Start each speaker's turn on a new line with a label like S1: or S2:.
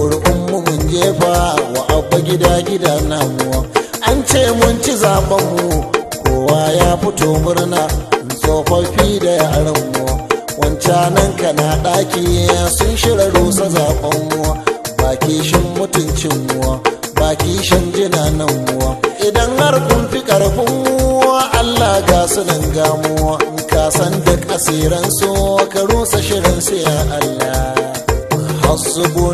S1: ƙuri'un mu mun jefa wa abba gida gida namu an ce mun ci zaben mu kowa ya fito murna tsofaffi da yaran mu nan kana ɗaki sun shirya rusa zaben mu baki shin mutuncin mu baki shan jinanan mu idan har kun fi karfin Allah ga su nan gamu ka san duk asiran ka rusa shirin su ya Allah